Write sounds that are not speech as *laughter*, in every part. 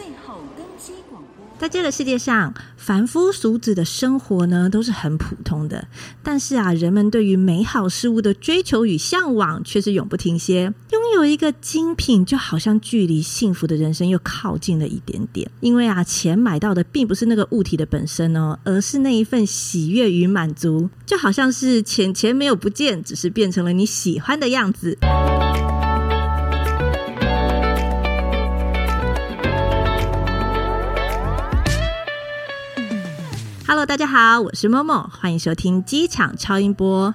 最後登機廣播。在這個世界上，凡夫俗子的生活呢，都是很普通的。但是啊，人們對於美好事物的追求與嚮往，卻是永不停歇。擁有一個精品，就好像距離幸福的人生又靠近了一點點。因為啊，錢買到的並不是那個物體的本身哦，而是那一份喜悅與滿足，就好像是錢錢沒有不見，只是變成了你喜歡的樣子。大家好，我是默默，歡迎收聽機場超音波。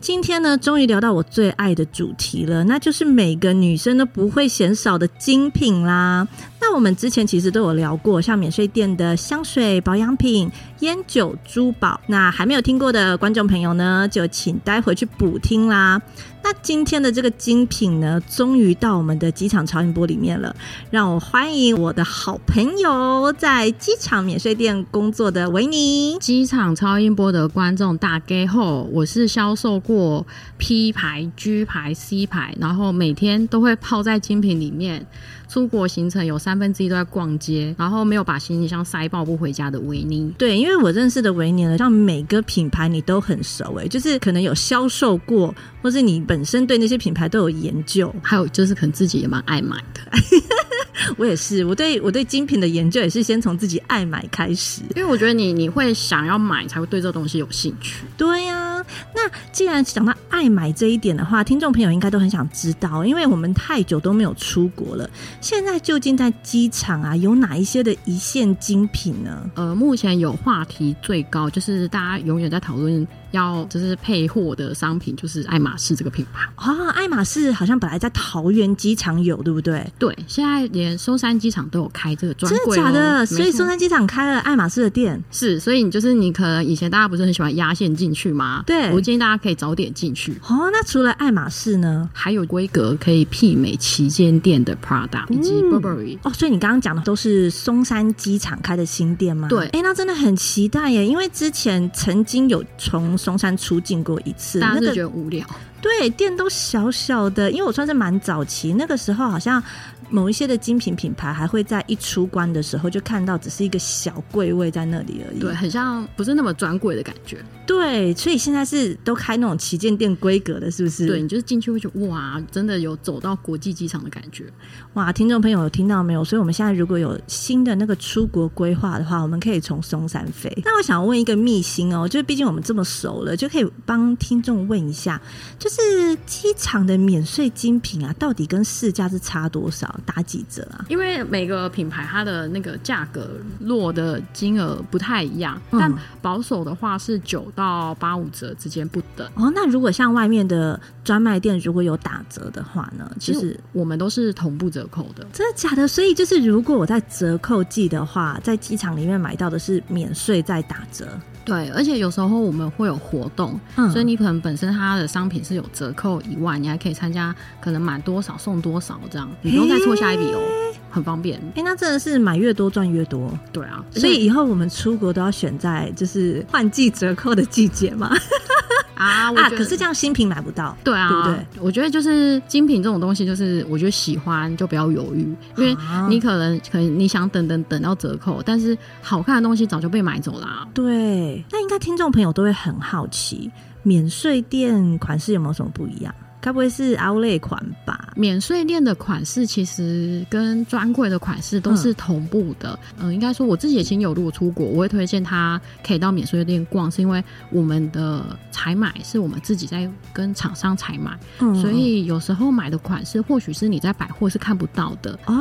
今天呢，終於聊到我最愛的主題了，那就是每個女生都不會嫌少的精品啦。那我們之前其實都有聊過，像免稅店的香水、保養品、菸酒、珠寶。那還沒有聽過的觀眾朋友呢，就請待會去補聽啦。那今天的這個精品呢，終於到我們的機場超音波裡面了。讓我歡迎我的好朋友，在機場免稅店工作的維尼。機場超音波的觀眾大家好，我是銷售過 P 牌、G 牌、C 牌，然後每天都會泡在精品裡面。出國行程有三分之一都在逛街，然後沒有把行李箱塞爆不回家的維尼。對，因為我認識的維尼呢，像每個品牌你都很熟誒，就是可能有銷售過，或是你本身對那些品牌都有研究。還有就是可能自己也蠻愛買的。 *laughs* 我也是，我對我對精品的研究也是先從自己愛買開始，因為我覺得你你會想要買才會對這個東西有興趣。對呀，那既然講到愛買這一點的話，聽眾朋友應該都很想知道，因為我們太久都沒有出國了，現在究竟在機場啊有哪一些的一線精品呢？呃，目前有話題最高就是大家永遠在討論。要就是配貨的商品，就是愛馬仕這個品牌啊。哦。愛馬仕好像本來在桃園機場有，對不對？對，現在連松山機場都有開這個專櫃。哦，真的假的？所以松山機場開了愛馬仕的店是，所以你就是你可能以前大家不是很喜歡壓線進去嗎？對。我建議大家可以早點進去。哦，那除了愛馬仕呢，還有規格可以媲美旗艦店的 Prada，嗯，以及 Burberry 哦。所以你剛剛講的都是松山機場開的新店嗎？對。哎，欸，那真的很期待耶，因為之前曾經有從中山出境過一次，那真的覺得無聊，那個，對，店都小小的，因為我算是蠻早期，那個時候好像。某一些的精品品牌還會在一出關的時候就看到，只是一個小櫃位在那裡而已。對，很像不是那麼專櫃的感覺。對，所以現在是都開那種旗艦店規格的，是不是？對，你就是進去會覺得哇，真的有走到國際機場的感覺。哇，聽眾朋友有聽到沒有？所以我們現在如果有新的那個出國規劃的話，我們可以從松山飛。那我想要問一個秘辛喔，就是畢竟我們這麼熟了，就可以幫聽眾問一下，就是機場的免稅精品啊，到底跟市價是差多少？打幾折啊？因為每個品牌它的那個價格落的金額不太一樣，嗯，但保守的話是九到八五折之間不等。哦，那如果像外面的專賣店如果有打折的話呢，就是，其實我們都是同步折扣的，真的假的？所以就是如果我在折扣季的話，在機場裡面買到的是免稅再打折。對，而且有時候我們會有活動、嗯，所以你可能本身它的商品是有折扣以外，你還可以參加，可能買多少送多少這樣，你不用再湊下一筆哦、欸，很方便。哎、欸，那真的是買越多賺越多。對啊，所以以後我們出國都要選在就是換季折扣的季節嘛。 *laughs* 啊，啊可是這樣新品買不到，對啊，對不對？我覺得就是精品這種東西，就是我覺得喜歡就不要猶豫，因為你可能、啊、可能你想等等等到折扣，但是好看的東西早就被買走了、啊。對，那應該聽眾朋友都會很好奇，免稅店款式有沒有什麼不一樣？該不會是 outlet 款吧？免稅店的款式其實跟專櫃的款式都是同步的。嗯，嗯應該說我自己的親友，如果出國，我會推薦他可以到免稅店逛，是因為我們的採買是我們自己在跟廠商採買，嗯，所以有時候買的款式或許是你在百貨是看不到的哦。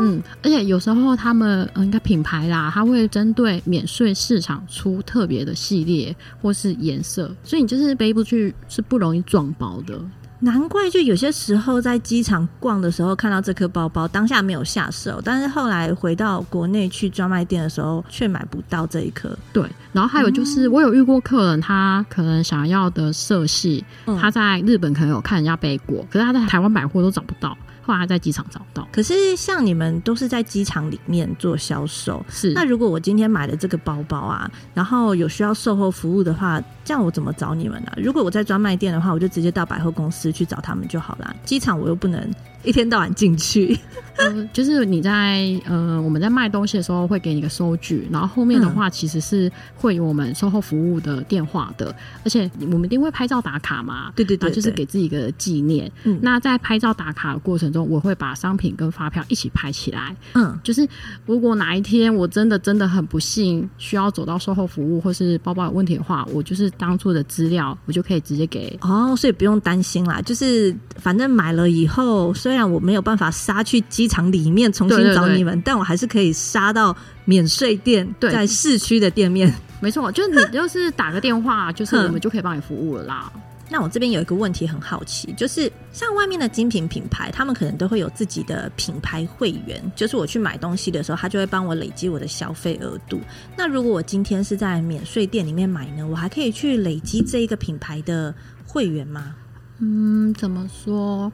嗯，而且有時候他們、嗯、應該品牌啦，他會針對免稅市場出特別的系列或是顏色，所以你就是背不去是不容易撞包的。難怪，就有些時候在機場逛的時候看到這顆包包，當下沒有下手，但是後來回到國內去專賣店的時候卻買不到這一顆。對，然後還有就是我有遇過客人，他可能想要的色系、嗯，他在日本可能有看人家背過，可是他在台灣百貨都找不到，後來在機場找到。可是像你們都是在機場裡面做銷售，是那如果我今天買的這個包包啊，然後有需要售後服務的話。這樣我怎麼找你們呢、啊？如果我在專賣店的話，我就直接到百貨公司去找他們就好了。機場我又不能一天到晚進去、 *laughs* 呃。就是你在嗯、呃，我們在賣東西的時候會給你個收據，然後後面的話其實是會有我們售後服務的電話的。嗯、而且我們一定會拍照打卡嘛，對對對，對，就是給自己一個紀念、嗯。那在拍照打卡的過程中，我會把商品跟發票一起拍起來。嗯，就是如果哪一天我真的真的很不幸需要走到售後服務或是包包有問題的話，我就是。當初的資料，我就可以直接給哦，所以不用擔心啦。就是反正買了以後，雖然我沒有辦法殺去機場裡面重新找你們，對對對，但我還是可以殺到免稅店，在市區的店面。 *laughs* 沒錯，就是你就是打個電話， *laughs* 就是我們就可以幫你服務了啦。那我這邊有一個問題很好奇，就是像外面的精品品牌，他們可能都會有自己的品牌會員，就是我去買東西的時候，他就會幫我累積我的消費額度。那如果我今天是在免稅店裡面買呢，我還可以去累積這一個品牌的會員嗎？嗯，怎麼說？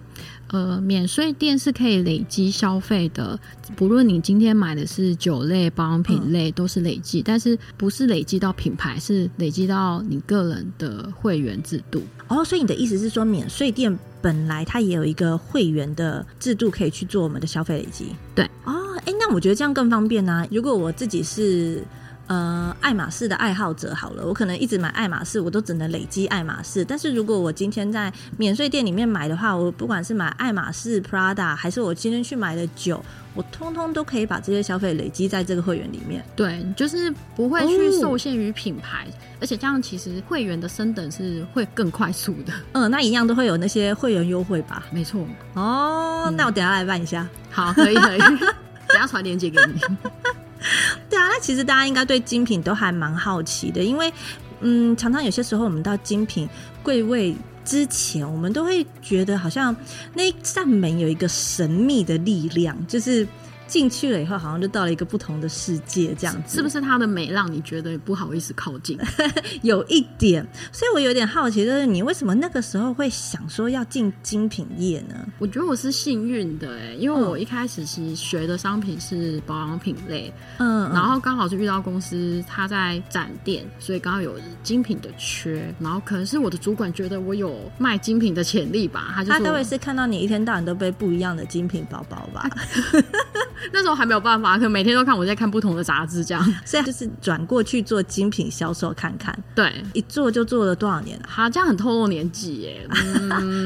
呃，免稅店是可以累積消費的，不論你今天買的是酒類、保養品類，都是累積，嗯，但是不是累積到品牌，是累積到你個人的會員制度。哦，所以你的意思是說，免稅店本來它也有一個會員的制度，可以去做我們的消費累積。對。哦，哎，欸，那我覺得這樣更方便呢，啊。如果我自己是。呃、嗯，愛馬仕的愛好者好了，我可能一直買愛馬仕，我都只能累積愛馬仕。但是如果我今天在免稅店裡面買的話，我不管是買愛馬仕、Prada，還是我今天去買的酒，我通通都可以把這些消費累積在這個會員裡面。對，就是不會去受限於品牌，哦，而且這樣其實會員的升等是會更快速的。嗯，那一樣都會有那些會員優惠吧？沒錯。哦，嗯，那我等一下來辦一下。好，可以可以， *laughs* 等一下傳連結給你。對啊，那其實大家應該對精品都還蠻好奇的，因為嗯，常常有些時候我們到精品櫃位之前，我們都會覺得好像那一扇門有一個神秘的力量，就是。進去了以後，好像就到了一個不同的世界，這樣子是，是不是？他的美讓你覺得你不好意思靠近， *laughs* 有一點。所以我有點好奇，就是你為什麼那個時候會想說要進精品業呢？我覺得我是幸運的哎、欸，因為我一開始其實學的商品是保養品類，嗯，嗯嗯，然後剛好是遇到公司他在展店，所以剛好有精品的缺，然後可能是我的主管覺得我有賣精品的潛力吧，他就說他都會是看到你一天到晚都背不一樣的精品包包吧。 *laughs* 那時候還沒有辦法，可每天都看我在看不同的雜誌，這樣現在就是轉過去做精品銷售，看看。對，一做就做了多少年？啊？他這樣很透露年紀耶，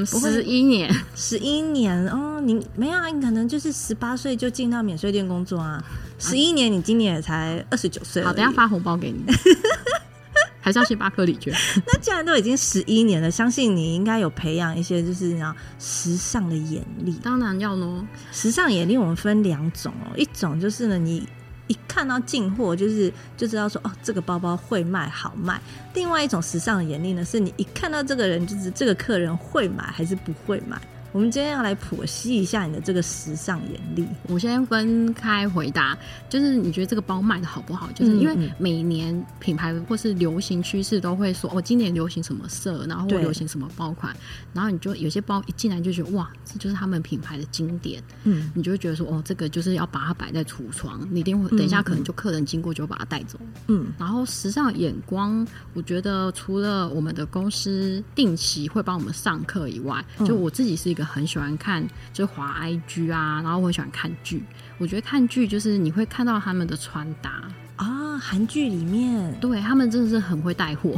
十 *laughs* 一、嗯、年，十一年哦，你沒有啊？你可能就是十八歲就進到免稅店工作啊，十、啊、一年，你今年也才二十九歲了。好，等一下發紅包給你。 *laughs* 還在星巴克裡去。那既然都已經十一年了，相信你應該有培養一些，就是你要時尚的眼力。當然要咯，時尚眼力我們分兩種哦，一種就是呢，你一看到進貨，就是就知道說，哦，這個包包會賣好賣。另外一種時尚的眼力呢，是你一看到這個人，就是這個客人會買還是不會買。我們今天要來剖析一下你的這個時尚眼力。我先分開回答，就是你覺得這個包賣得好不好？就是因為每年品牌或是流行趨勢都會說，哦，今年流行什麼色，然後會流行什麼包款，然後你就有些包一進來就覺得，哇，這就是他們品牌的經典。嗯，你就會覺得說，哦，這個就是要把它擺在櫥窗，你一定會等一下可能就客人經過就會把它帶走。嗯，然後時尚眼光，我覺得除了我們的公司定期會幫我們上課以外，嗯、就我自己是。一個。很喜歡看，就滑 IG 啊，然後我很喜歡看劇。我覺得看劇就是你會看到他們的穿搭啊，韓劇裡面，哦，對他們真的是很會帶貨。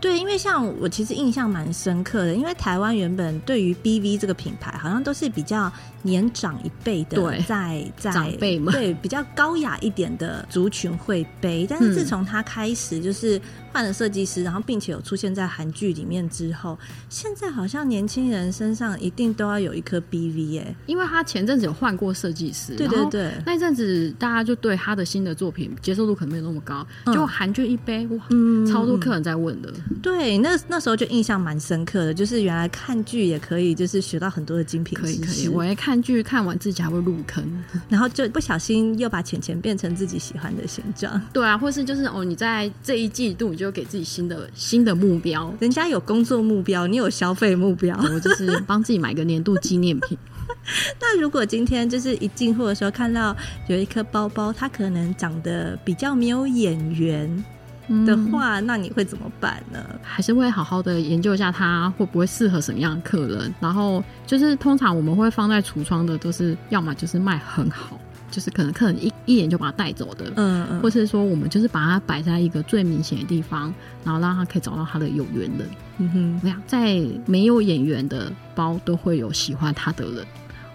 對，因為像我其實印象蠻深刻的，因為台灣原本對於 BV 這個品牌好像都是比較。年長一輩的在在長輩嘛，對，對比較高雅一點的族群會背，但是自從他開始就是換了設計師，嗯，然後並且有出現在韓劇裡面之後，現在好像年輕人身上一定都要有一顆 BV 哎。因為他前陣子有換過設計師，對對對，那一陣子大家就對他的新的作品接受度可能沒有那麼高，就韓劇一杯哇，嗯，超多客人在問的，對，那那時候就印象蠻深刻的，就是原來看劇也可以就是學到很多的精品，可以可以，我也看。看劇看完自己還會入坑，然後就不小心又把錢錢變成自己喜歡的形狀。對啊，或是就是哦，你在這一季度就給自己新的新的目標。人家有工作目標，你有消費目標，我、哦、就是幫自己買個年度紀念品。 *laughs* 那如果今天就是一進貨的時候看到有一顆包包，它可能長得比較沒有眼緣。嗯、的話，那你會怎麼辦呢？還是會好好的研究一下他會不會適合什麼樣的客人？然後就是通常我們會放在櫥窗的，都是要麼就是賣很好，就是可能客人一一眼就把它帶走的。嗯嗯。或是說我們就是把它擺在一個最明顯的地方，然後讓他可以找到他的有緣人。嗯哼。這樣在沒有眼緣的包都會有喜歡他的人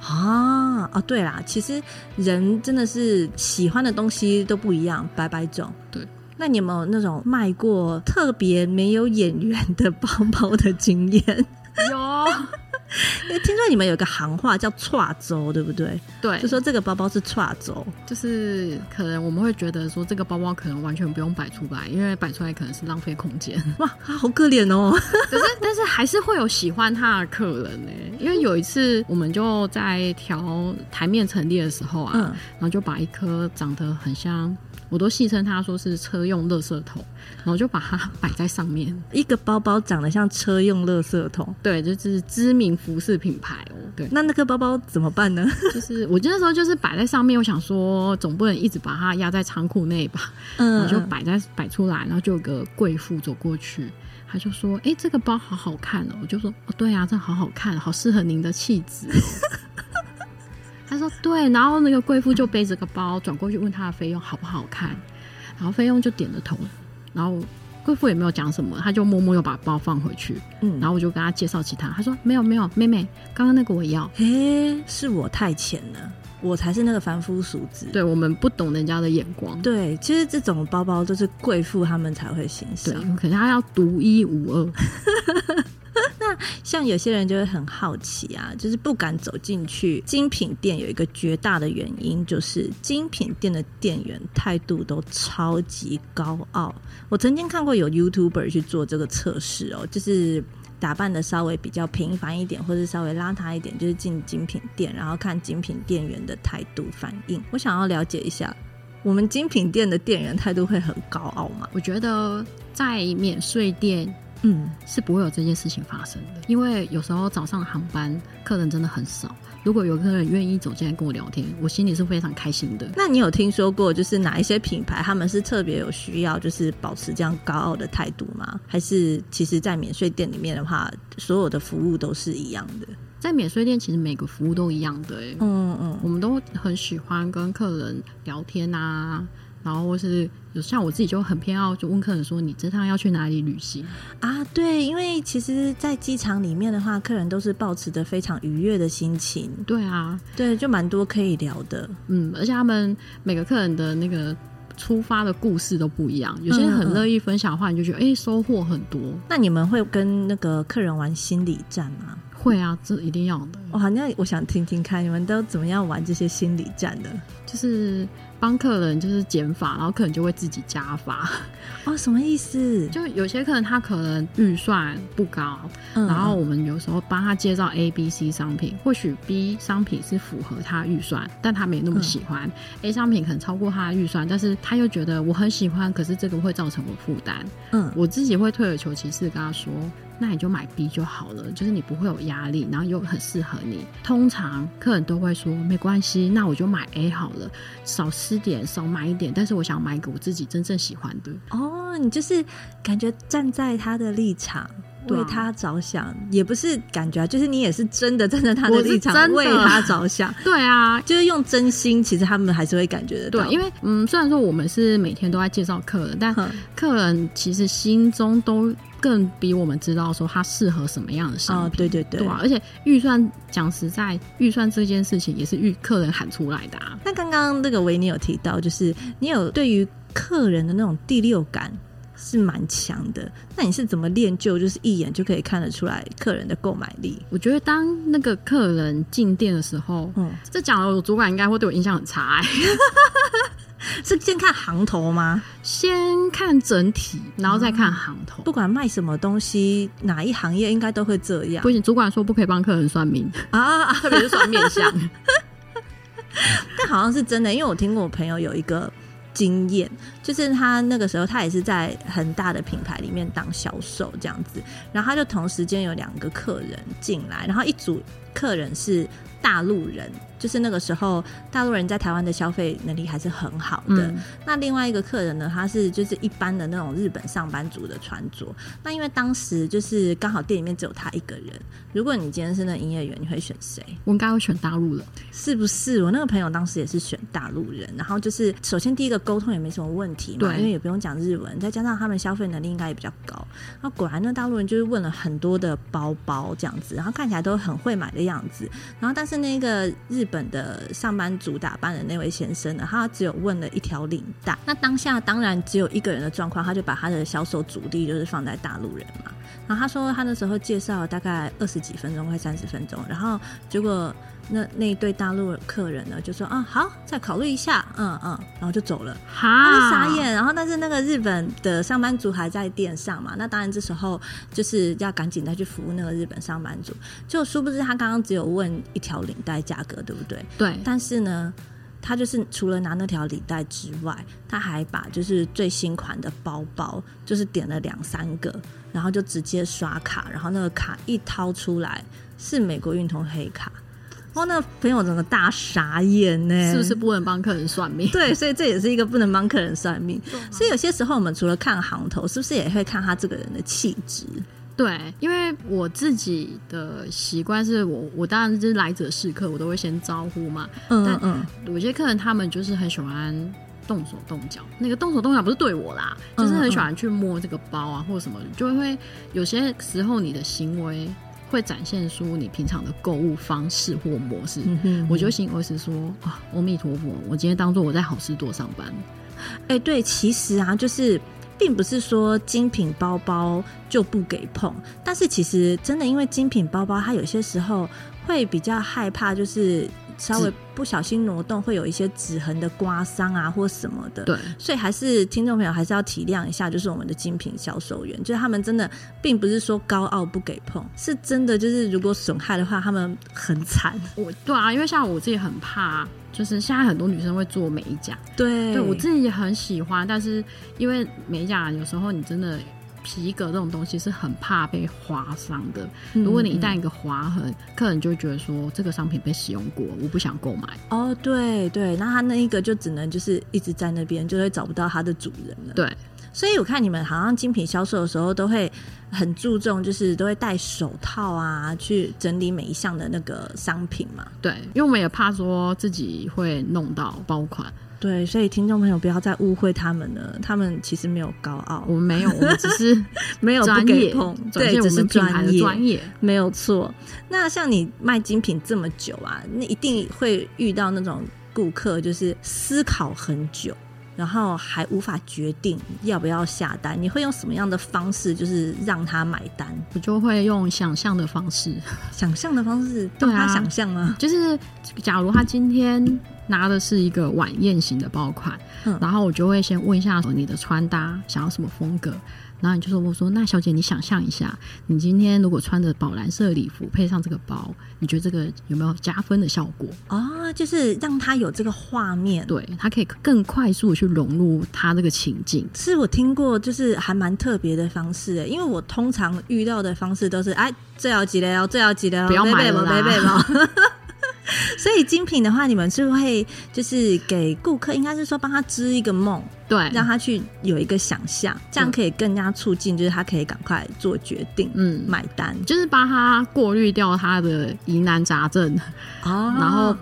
啊，啊、哦！對啦，其實人真的是喜歡的東西都不一樣，百百種。對。那你們有，有那種賣過特別沒有眼緣的包包的經驗？有，因 *laughs* 為聽說你們有個行話叫“串軸”，對不對？對，就說這個包包是串軸，就是可能我們會覺得說這個包包可能完全不用擺出來，因為擺出來可能是浪費空間。哇，好可憐哦！可 *laughs* 是，但是還是會有喜歡它的客人呢、欸。因為有一次我們就在調台面陳列的時候啊、嗯，然後就把一顆長得很像。我都戲稱他說是車用垃圾桶然後就把它擺在上面。一個包包長得像車用垃圾桶對，就是知名服飾品牌哦。對，那那個包包怎麼辦呢？就是我那時候就是擺在上面，我想說總不能一直把它壓在倉庫內吧。嗯，我就擺在擺出來，然後就有個貴婦走過去，他就說：“哎、欸，這個包好好看哦。”我就說：“哦，對啊，這好好看，好適合您的氣質。 *laughs* ”他說：“對，然後那個貴婦就背着個包轉過去問他的菲傭好不好看，然後菲傭就點了頭，然後貴婦也沒有講什麼，他就默默又把包放回去。嗯，然後我就跟他介紹其他。他說：‘沒有，沒有，妹妹，剛剛那個我要。’嘿，是我太淺了，我才是那個凡夫俗子。對，我們不懂人家的眼光。對，其實這種包包都是貴婦他們才會欣賞，對，可是他要獨一無二。 *laughs* ”那像有些人就會很好奇啊，就是不敢走進去精品店，有一個絕大的原因就是精品店的店員態度都超級高傲。我曾經看過有 YouTuber 去做這個測試哦，就是打扮得稍微比較平凡一點，或是稍微邋遢一點，就是進精品店，然後看精品店員的態度反應。我想要了解一下，我們精品店的店員態度會很高傲嗎？我覺得在免稅店。嗯，是不會有這件事情發生的，因為有時候早上航班客人真的很少。如果有客人願意走進來跟我聊天，我心裡是非常開心的。那你有聽說過就是哪一些品牌他們是特別有需要，就是保持這樣高傲的態度嗎？還是其實，在免稅店裡面的話，所有的服務都是一樣的？在免稅店，其實每個服務都一樣的欸。嗯嗯，我們都很喜歡跟客人聊天吶啊。然後或是有像我自己就很偏要就問客人說，你這趟要去哪裡旅行啊？對，因為其實，在機場裡面的話，客人都是抱持著非常愉悅的心情。對啊，對，就蠻多可以聊的。嗯，而且他們每個客人的那個出發的故事都不一樣，有些人很樂意分享的話，嗯嗯，你就覺得哎，收穫很多。那你們會跟那個客人玩心理戰嗎？會啊，這一定要的。我好像我想聽聽看你們都怎麼樣玩這些心理戰的，就是。幫客人就是減法，然後客人就會自己加法。哦，什麼意思？就有些客人他可能預算不高，嗯，然後我們有時候幫他介紹 A、B、C 商品，或許 B 商品是符合他預算，但他沒那麼喜歡，嗯；A 商品可能超過他預算，但是他又覺得我很喜歡，可是這個會造成我負擔。嗯，我自己會退而求其次跟他說。那你就買 B 就好了，就是你不會有壓力，然後又很適合你。通常客人都會說沒關係，那我就買 A 好了，少吃點，少買一點。但是我想買一個我自己真正喜歡的。哦，你就是感覺站在他的立場。對啊、為他着想，也不是感覺，就是你也是真的站在他的立場真的為他着想。 *laughs* 對啊，就是用真心，其實他們還是會感覺的。對，因為嗯，雖然說我們是每天都在介紹客人，但客人其實心中都更比我們知道說他適合什麼樣的商品。哦、對,對對對，對啊、而且預算講實在，預算這件事情也是預客人喊出來的啊。那剛剛那個維尼有提到，就是你有對於客人的那種第六感。是蠻強的，那你是怎麼練就，就是一眼就可以看得出來客人的購買力？我覺得當那個客人進店的時候，嗯，這講了，我主管應該會對我印象很差哎、欸。 *laughs* 是先看行頭嗎？先看整體，然後再看行頭。嗯、不管賣什麼東西，哪一行業應該都會這樣。不行，主管說不可以幫客人算命 *laughs* 啊，特別是算面相。 *laughs* 但好像是真的，因為我聽過我朋友有一個。經驗就是他那個時候，他也是在很大的品牌裡面當銷售這樣子，然後他就同時間有兩個客人進來，然後一組客人是大陸人，就是那個時候，大陸人在台灣的消費能力還是很好的。嗯。那另外一個客人呢，他是就是一般的那種日本上班族的穿着。那因為當時就是剛好店裡面只有他一個人。如果你今天是那營業員，你會選誰？我應該會選大陸人，是不是？我那個朋友當時也是選大陸人。然後就是首先第一個溝通也沒什麼問題嘛，因為也不用講日文，再加上他們消費能力應該也比較高。那果然那大陸人就是問了很多的包包這樣子，然後看起來都很會買的樣子。然後但是那個日。本的上班族，打扮的那位先生呢？他只有問了一條領帶。那當下當然只有一個人的狀況，他就把他的銷售主力就是放在大陸人嘛。然後他說，他那時候介紹大概二十幾分鐘，快三十分鐘，然後結果。那那一對大陸客人呢，就說啊、嗯，好，再考慮一下，嗯嗯，然後就走了，好傻眼。然後，但是那個日本的上班族還在店上嘛？那當然，這時候就是要趕緊再去服務那個日本上班族。就殊不知他剛剛只有問一條領帶價格，對不對？對。但是呢，他就是除了拿那條領帶之外，他還把就是最新款的包包，就是點了兩三個，然後就直接刷卡，然後那個卡一掏出來是美國運通黑卡。哦，那個、朋友，整個大傻眼呢。欸，是不是不能幫客人算命？對，所以這也是一個不能幫客人算命。 *laughs* 所以有些時候我們除了看行頭，是不是也會看他這個人的氣質？對，因為我自己的習慣是我，我當然就是來者是客，我都會先招呼嘛。嗯嗯，但有些客人他們就是很喜歡動手動腳，那個動手動腳不是對我啦，就是很喜歡去摸這個包啊，嗯嗯，或者什麼，就會有些時候你的行為。會展現出你平常的購物方式或模式，嗯哼嗯，我就行，我是說，啊，阿彌陀佛，我今天當作我在好市多上班。哎、欸，對，其實啊，就是並不是說精品包包就不給碰，但是其實真的，因為精品包包，它有些時候會比較害怕，就是。稍微不小心挪動，會有一些指痕的刮傷啊，或什麼的。對，所以還是聽眾朋友還是要體諒一下，就是我們的精品銷售員，就是他們真的並不是說高傲不給碰，是真的就是如果損害的話，他們很慘。我對啊，因為像我自己很怕，就是現在很多女生會做美甲，對，對我自己也很喜歡，但是因為美甲有時候你真的。皮革這種東西是很怕被劃傷的、嗯。如果你一旦一個劃痕，嗯、客人就會覺得說這個商品被使用過，我不想購買。哦，對對，那他那一個就只能就是一直在那邊，就會找不到它的主人了。對，所以我看你們好像精品銷售的時候都會很注重，就是都會戴手套啊，去整理每一項的那個商品嘛。對，因為我們也怕說自己會弄到包款。對，所以聽眾朋友不要再誤會他們了，他們其實沒有高傲，我們沒有，我們只是 *laughs* 沒有專業，對，只是專業，專業沒有錯。那像你賣精品這麼久啊，你一定會遇到那種顧客，就是思考很久。然後還無法決定要不要下單，你會用什麼樣的方式，就是讓他買單？我就會用想象的方式，想象的方式對，他想象嗎？啊。就是假如他今天拿的是一個晚宴型的包款，嗯，然後我就會先問一下說，你的穿搭想要什麼風格。然後你就說：“我說，那小姐，你想象一下，你今天如果穿着寶藍色禮服，配上這個包，你覺得這個有沒有加分的效果？”啊、哦，就是讓他有這個畫面，對，他可以更快速去融入他這個情境。是我聽過，就是還蠻特別的方式耶，因為我通常遇到的方式都是：“哎，最後幾個哦，最後幾個，不要買了，不要買了。”所以精品的話，你們是，是會就是給顧客，應該是說幫他織一個夢，對，讓他去有一個想象，這樣可以更加促進，嗯，就是他可以趕快做決定，嗯，買單，就是幫他過濾掉他的疑難雜症哦，然後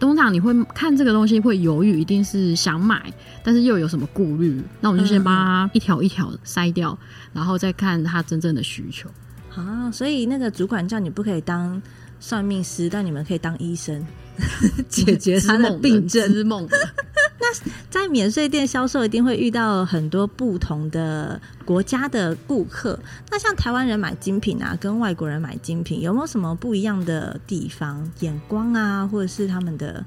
通常你會看這個東西會猶豫，一定是想買，但是又有什麼顧慮？那我們就先幫他一條一條篩掉，嗯，然後再看他真正的需求。好，哦，所以那個主管叫你不可以當，算命師，但你們可以當醫生， *laughs* 解決他們的病症。夢夢 *laughs* 那在免稅店銷售，一定會遇到很多不同的國家的顧客。那像台灣人買精品啊，跟外國人買精品，有沒有什麼不一樣的地方？眼光啊，或者是他們的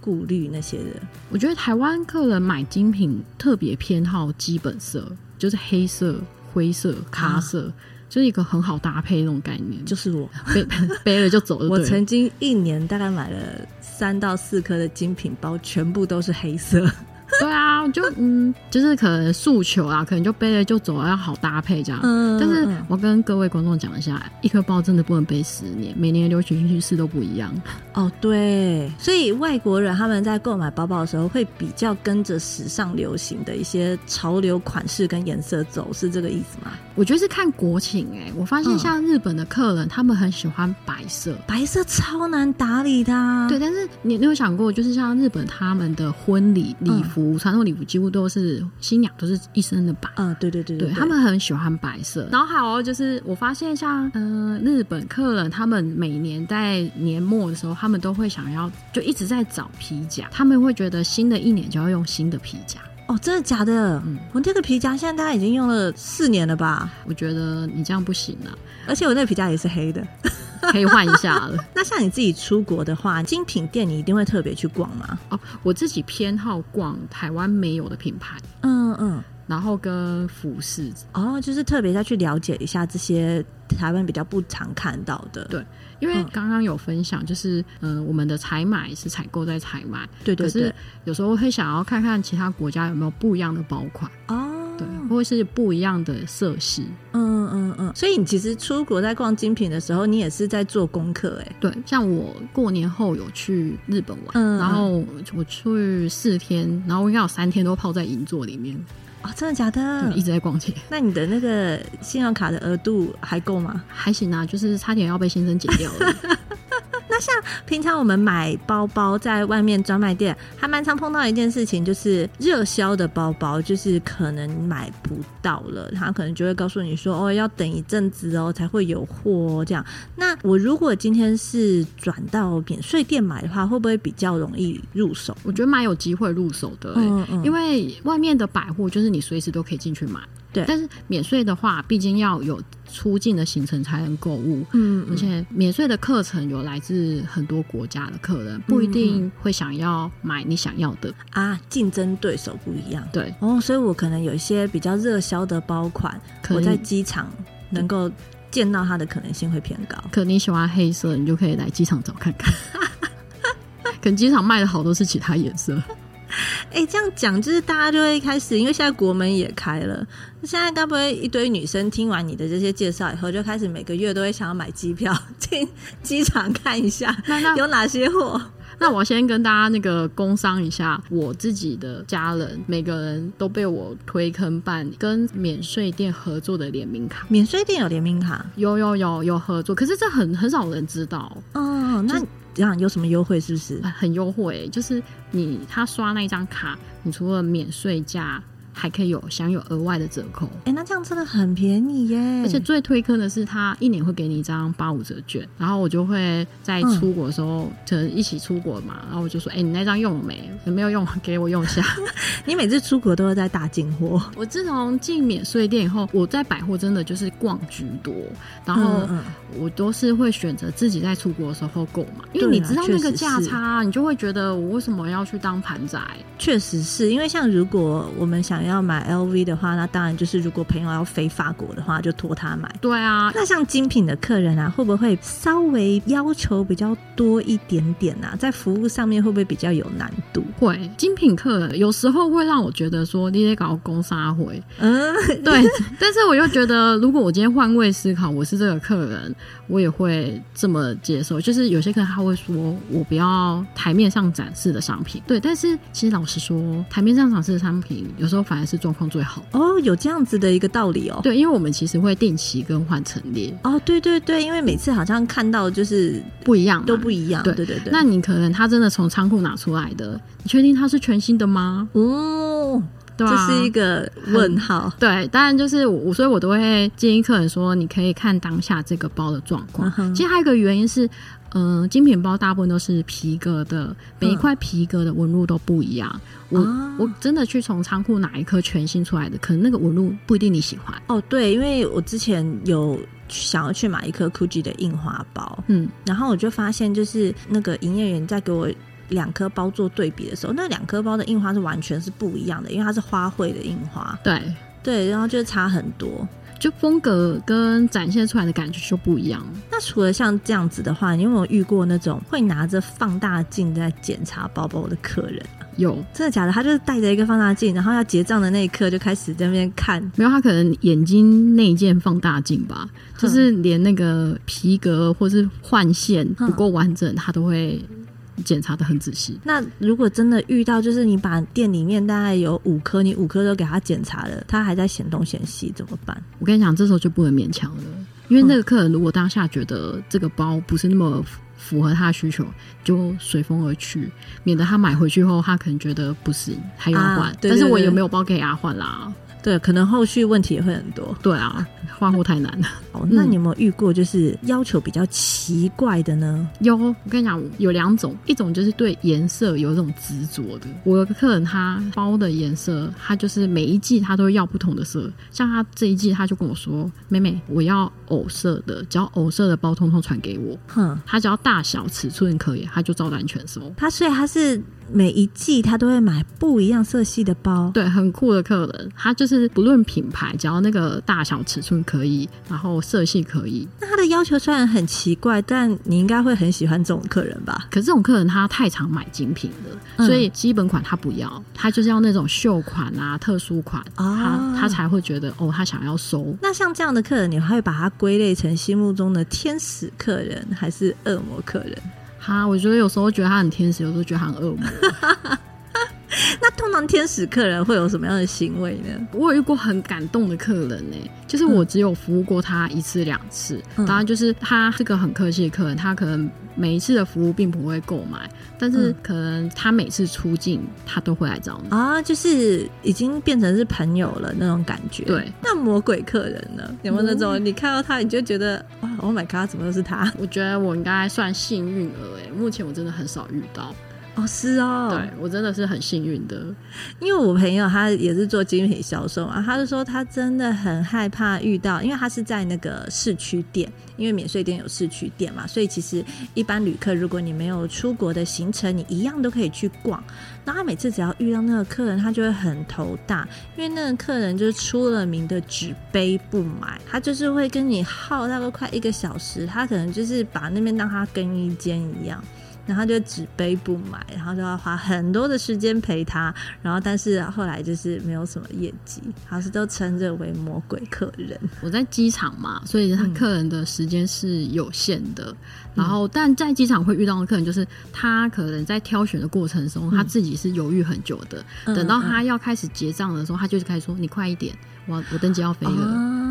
顧慮那些的？我覺得台灣客人買精品特別偏好基本色，就是黑色、灰色、咖色。啊是一個很好搭配的那種概念，就是我背背，背了就走就對了。我曾經一年大概買了三到四顆的精品包，全部都是黑色。 *laughs* 對啊，就嗯，就是可能訴求啊，可能就背着就走了，要好搭配這樣。嗯，但是我跟各位觀眾講一下，嗯嗯、一顆包真的不能背十年，每年的流行趨勢都不一樣。哦，對，所以外國人他們在購買包包的時候，會比較跟着時尚流行的一些潮流款式跟顏色走，是這個意思嗎？我覺得是看國情哎、欸。我發現像日本的客人、嗯，他們很喜歡白色，白色超難打理的、啊。對，但是你你有沒有想過，就是像日本他們的婚禮禮服。嗯嗯服傳統禮服幾乎都是新娘都是一身的白，嗯，對對對對，對，對，他們很喜歡白色。然後還有、喔、就是，我發現像呃日本客人，他們每年在年末的時候，他們都會想要就一直在找皮夾，他們會覺得新的一年就要用新的皮夾。哦，真的假的？嗯、我這個皮夾現在大概已經用了四年了吧？我覺得你這樣不行了、啊。而且我那個皮夾也是黑的。可以換一下了。 *laughs* 那像你自己出國的話，精品店你一定會特別去逛嗎？哦，我自己偏好逛台灣沒有的品牌。嗯嗯。然後跟服飾哦，就是特別要去了解一下這些台灣比較不常看到的。對，因為剛剛有分享，就是嗯、呃，我們的採買是採購在台灣。對對對。有時候會想要看看其他國家有沒有不一樣的包款哦。會是不一樣的色系，嗯嗯嗯，所以你其實出國在逛精品的時候，你也是在做功課哎、欸。對，像我過年後有去日本玩，嗯、然後我去四天，然後我應該有三天都泡在銀座裡面。哦，真的假的？一直在逛街。那你的那個信用卡的額度還夠嗎？還行啊，就是差點要被先生剪掉了。 *laughs* 像平常我們買包包，在外面專賣店，還蠻常碰到一件事情，就是熱銷的包包就是可能買不到了，他可能就會告訴你說：“哦，要等一陣子哦，才會有貨哦。”這樣。那我如果今天是轉到免稅店買的話，會不會比較容易入手？我覺得蠻有機會入手的欸，嗯嗯因為外面的百貨就是你隨時都可以進去買。對，但是免稅的話，畢竟要有。出境的行程才能購物，嗯、嗯，而且免稅的課程有來自很多國家的客人，不一定會想要買你想要的嗯嗯啊。競爭對手不一樣，對，哦，所以我可能有一些比較熱銷的包款，可能我在機場能夠見到它的可能性會偏高。可你喜歡黑色，你就可以來機場找看看。 *laughs* 可機場賣的好多是其他顏色。哎、欸，這樣講就是大家就會開始，因為現在國門也開了，現在該不會一堆女生聽完你的這些介紹以後，就開始每個月都會想要買機票進機場看一下，那那有哪些貨？那我先跟大家那個工商一下，我自己的家人，每個人都被我推坑辦跟免稅店合作的聯名卡，免稅店有聯名卡，有有有有合作，可是這很很少人知道。哦，那。這樣有什麼優惠？是不是、呃、很優惠、欸，就是你他刷那一張卡，你除了免稅價，還可以有享有額外的折扣，哎、欸，那這樣真的很便宜耶！而且最推坑的是，他一年會給你一張八五折券，然後我就會在出國的時候，就、嗯、一起出國嘛，然後我就說：“哎、欸，你那張用沒？沒有用，給我用下。 *laughs* ”你每次出國都是在大進貨。我自從進免稅店以後，我在百貨真的就是逛居多，然後我都是會選擇自己在出國的時候購買，因為你知道那個價差、啊，你就會覺得我為什麼要去當盤仔、欸？確實是因為像如果我們想。要買 LV 的話，那當然就是如果朋友要飛法國的話，就托他買。對啊，那像精品的客人啊，會不會稍微要求比較多一點點啊？在服務上面會不會比較有難度？會，精品客人有時候會讓我覺得說你在搞工三小。嗯，對。 *laughs* 但是我又覺得，如果我今天換位思考，我是這個客人。我也會這麼接受，就是有些客人他會說，我不要台面上展示的商品。對，但是其實老實說，台面上展示的商品有時候反而是狀況最好。哦，有這樣子的一個道理哦。對，因為我們其實會定期更換陳列。哦，對對對，因為每次好像看到就是不一樣，都不一樣對。對對對。那你可能他真的從倉庫拿出來的，你確定他是全新的嗎？哦、嗯。這、啊，就是一個問號，嗯、對，當然就是我，所以我都會建議客人說，你可以看當下這個包的狀況、嗯。其實還有一個原因是，嗯、呃，精品包大部分都是皮革的，每一塊皮革的紋路都不一樣。嗯、我我真的去從倉庫拿一顆全新出來的，可能那個紋路不一定你喜歡。哦，對，因為我之前有想要去買一顆 GUCCI 的印花包，嗯，然後我就發現就是那個營業員在給我。兩顆包做對比的時候，那兩顆包的印花是完全是不一樣的，因為它是花卉的印花。對對，然後就是差很多，就風格跟展現出來的感覺就不一樣。那除了像這樣子的話，你有沒有遇過那種會拿着放大鏡在檢查包包的客人？有，真的假的？他就是帶着一個放大鏡，然後要結賬的那一刻就開始在那邊看。沒有，他可能眼睛內建放大鏡吧，就是連那個皮革或是車線不夠完整，他都會。檢查的很仔細。那如果真的遇到，就是你把店裡面大概有五顆，你五顆都給他檢查了，他還在嫌東嫌西，怎麼辦？我跟你講，這時候就不能勉強了，因為那個客人如果當下覺得這個包不是那麼符合他的需求，就隨風而去，免得他買回去後，他可能覺得不是還要換、啊，但是我有沒有包可以給他換啦。對，可能後續問題也會很多。對啊。換貨太難了哦，那你有沒有遇過就是要求比較奇怪的呢？嗯、有，我跟你講有兩種，一種就是對顏色有一種執着的。我的客人他包的顏色，他就是每一季他都要不同的色。像他這一季，他就跟我說：“妹妹，我要藕色的，只要藕色的包，通通傳給我。嗯”哼，他只要大小尺寸可以，他就照單全收。他所以他是每一季他都會買不一樣色系的包，對，很酷的客人。他就是不論品牌，只要那個大小尺寸。可以，然後色系可以。那他的要求雖然很奇怪，但你應該會很喜歡這種客人吧？可是這種客人他太常買精品了、嗯，所以基本款他不要，他就是要那種秀款啊、特殊款啊、哦，他才會覺得哦，他想要收。那像這樣的客人，你會把他歸類成心目中的天使客人還是惡魔客人？哈，我覺得有時候覺得他很天使，有時候覺得他很惡魔。 *laughs* 那天使客人會有什麼樣的行為呢？我有遇過很感動的客人呢、欸，就是我只有服務過他一次兩次、嗯，當然就是他是個很客氣的客人，他可能每一次的服務並不會購買，但是可能他每次出境他都會來找你、嗯、啊，就是已經變成是朋友了那種感覺。對，那魔鬼客人呢？有沒有那種你看到他你就覺得、嗯、哇，Oh my God，怎麼又是他？我覺得我應該算幸運了、欸，哎，目前我真的很少遇到。哦，是哦，對我真的是很幸運的，因為我朋友他也是做精品銷售啊，他就說他真的很害怕遇到，因為他是在那個市區店，因為免稅店有市區店嘛，所以其實一般旅客如果你沒有出國的行程，你一樣都可以去逛。然後他每次只要遇到那個客人，他就會很頭大，因為那個客人就是出了名的只背不買，他就是會跟你耗大概快一個小時，他可能就是把那邊當他更衣間一樣。然後他就只背不買，然後就要花很多的時間陪他，然後但是後來就是沒有什麼業績，好像都稱之為魔鬼客人。我在機場嘛，所以他客人的時間是有限的、嗯。然後，但在機場會遇到的客人就是，他可能在挑選的過程中、嗯，他自己是猶豫很久的。等到他要開始結賬的時候，嗯嗯他就是開始說：“你快一點，我我登機要飛了。啊”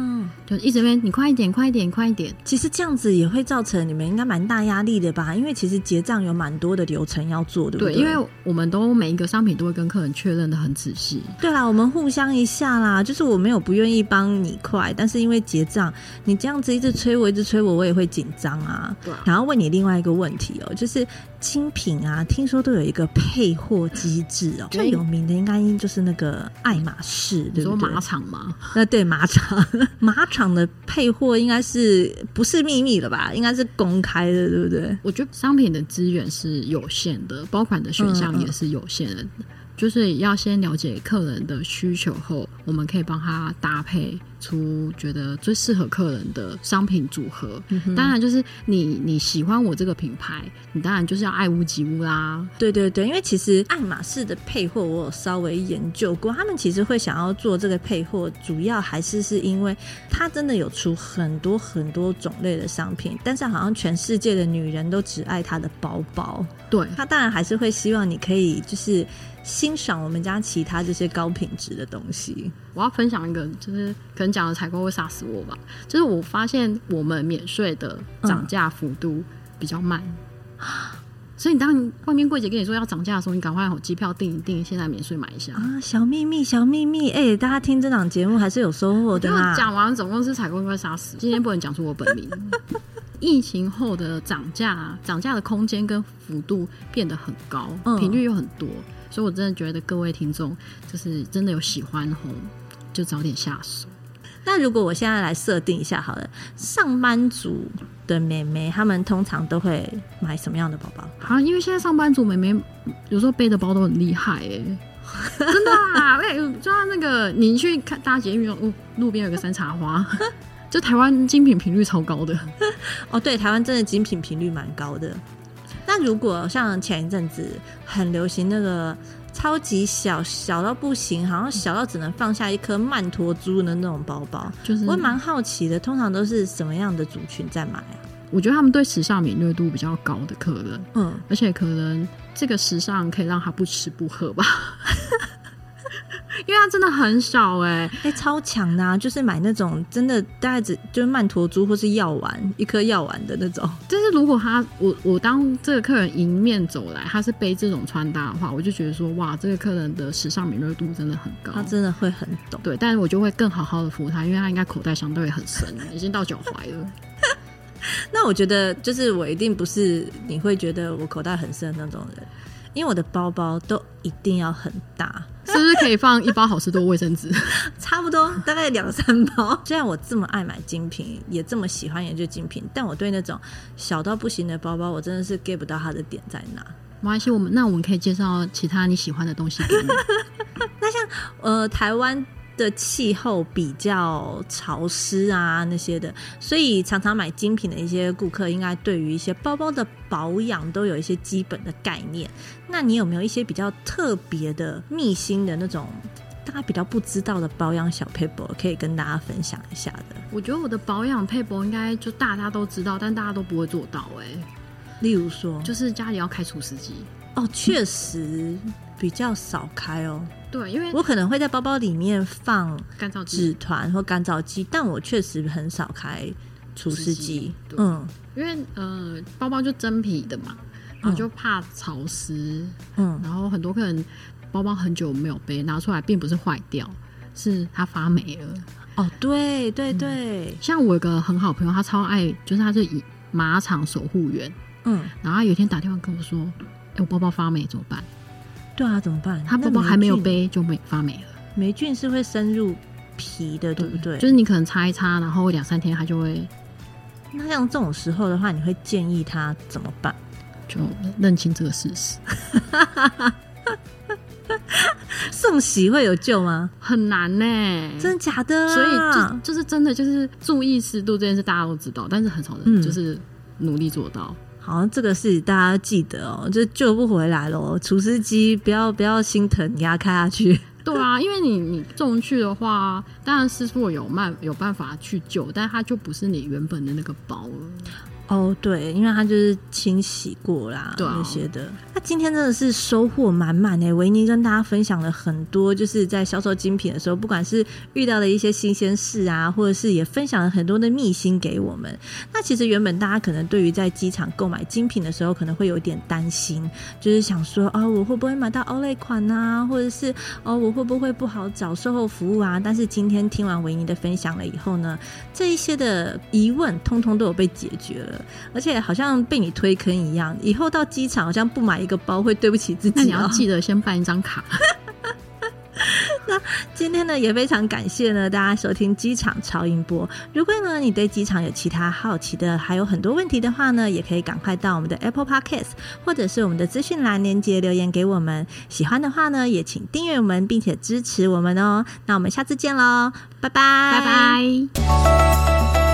就一直問你快一點，快一點，快一點。其實這樣子也會造成你們應該蠻大壓力的吧？因為其實結賬有蠻多的流程要做，對不對？對，因為我們都每一個商品都會跟客人確認得很仔細。對啦，我們互相一下啦，就是我沒有不願意幫你快，但是因為結賬，你這樣子一直催我，一直催我，我也會緊張啊。對，然後問你另外一個問題喔，就是。精品啊，聽說都有一個配貨機制哦，最有名的應該就是那個愛馬仕。你說馬場嗎？那對，馬場，馬場的配貨應該是不是秘密的吧？應該是公開的，對不對？我覺得商品的資源是有限的，包款的選項也是有限的。嗯嗯就是要先了解客人的需求後，我們可以幫他搭配出覺得最適合客人的商品組合。嗯、當然，就是你你喜歡我這個品牌，你當然就是要愛屋及烏啦、啊。對對對，因為其實愛馬仕的配貨我有稍微研究過，他們其實會想要做這個配貨，主要還是是因為他真的有出很多很多種類的商品，但是好像全世界的女人都只愛他的包包。對他當然還是會希望你可以就是。欣賞我們家其他這些高品質的東西。我要分享一個，就是可能講的採購會殺死我吧。就是我發現我們免稅的漲價幅度比較慢、嗯，所以你當外面櫃姐跟你說要漲價的時候，你趕快好機票訂一訂，現在免稅買一下啊、嗯！小秘密，小秘密，哎、欸，大家聽這檔節目還是有收穫的。因為講完總共是採購會殺死，今天不能講出我本名。 *laughs* 疫情後的漲價，漲價的空間跟幅度變得很高，頻、嗯、率又很多。所以，我真的覺得各位聽眾，就是真的有喜歡紅，就早點下手。那如果我現在來設定一下好了，上班族的妹妹她們通常都會買什麼樣的包包？啊，因為現在上班族妹妹有時候背的包都很厲害哎、欸， *laughs* 真的啊！喂、欸，就像那個，你去看搭捷運哦，路邊有個山茶花， *laughs* 就台灣精品頻率超高的哦。對，台灣真的精品頻率蠻高的。那如果像前一陣子很流行那個超級小，小到不行，好像小到只能放下一顆曼陀珠的那種包包，就是我蠻好奇的，通常都是什麼樣的族群在買啊？我覺得他們對時尚敏銳度比較高的客人，嗯，而且可能這個時尚可以讓他不吃不喝吧。 *laughs* 因為他真的很少哎、欸、哎、欸、超強吶、啊，就是買那種真的袋子，就是曼陀珠或是藥丸一顆藥丸的那種。但是如果他我我當這個客人迎面走來，他是背這種穿搭的話，我就覺得說哇，這個客人的時尚敏銳度真的很高。他真的會很懂，對，但是我就會更好好的服務他，因為他應該口袋相對很深， *laughs* 已經到腳踝了。 *laughs* 那我覺得就是我一定不是你會覺得我口袋很深的那種人，因為我的包包都一定要很大。是不是可以放一包好市多衛生紙？ *laughs* 差不多，大概兩三包。 *laughs* 雖然我這麼愛買精品，也這麼喜歡研究精品，但我對那種小到不行的包包，我真的是 get 不到它的點在哪。沒關係，我們那我們可以介紹其他你喜歡的東西給你。 *laughs* 那像呃台灣。的氣候比較潮濕啊，那些的，所以常常買精品的一些顧客，應該對於一些包包的保養都有一些基本的概念。那你有沒有一些比較特別的祕辛的那種，大家比較不知道的保養小撇步，可以跟大家分享一下的？我覺得我的保養撇步應該就大家都知道，但大家都不會做到誒、欸，例如說，就是家裡要開除濕機哦，確實比較少開哦、喔。嗯對，因為我可能會在包包裡面放乾燥紙團或乾燥，乾燥劑，但我確實很少開除濕機。嗯，因為呃，包包就真皮的嘛、嗯，然後就怕潮濕。嗯，然後很多客人包包很久沒有背拿出來，並不是壞掉，哦、是它發霉了。嗯、哦，對對對、嗯，像我一個很好朋友，他超愛，就是他是以馬場守護員。嗯，然後他有一天打電話跟我說：“哎、欸，我包包發霉怎麼辦？”對啊，怎麼辦？他不不還沒有背就沒發霉了。霉菌是會深入皮的對，對不對？就是你可能擦一擦，然後兩三天它就會。那像這種時候的話，你會建議他怎麼辦？就認清這個事實。 *laughs* 送洗會有救嗎？很難呢、欸，真的假的、啊？所以就就是真的就是注意濕度這件事，大家都知道，但是很少人就是努力做到。嗯好像這個是大家記得哦，就救不回來咯。哦。除濕機，不要不要心疼，你要開下去。 *laughs* 對啊，因為你你送去的話，當然師傅，有辦有辦法去救，但它就不是你原本的那個包了。哦、oh，對，因為他就是清洗過啦，對，那些的。那今天真的是收穫滿滿誒、欸，維尼跟大家分享了很多，就是在銷售精品的時候，不管是遇到的一些新鮮事啊，或者是也分享了很多的秘辛給我們。那其實原本大家可能對於在機場購買精品的時候，可能會有點擔心，就是想說啊、哦，我會不會買到奧萊款啊，或者是哦，我會不會不好找售後服務啊？但是今天聽完維尼的分享了以後呢，這一些的疑問通通都有被解決了。而且好像被你推坑一樣，以後到機場好像不買一個包會對不起自己哦。那你要記得先辦一張卡。 *laughs* 那今天呢也非常感謝呢大家收聽機場超音波。如果呢你對機場有其他好奇的還有很多問題的話呢，也可以趕快到我們的 Apple Podcast 或者是我們的資訊欄鏈接留言給我們。喜歡的話呢也請訂閱我們並且支持我們哦。那我們下次見嘍，拜拜，拜拜。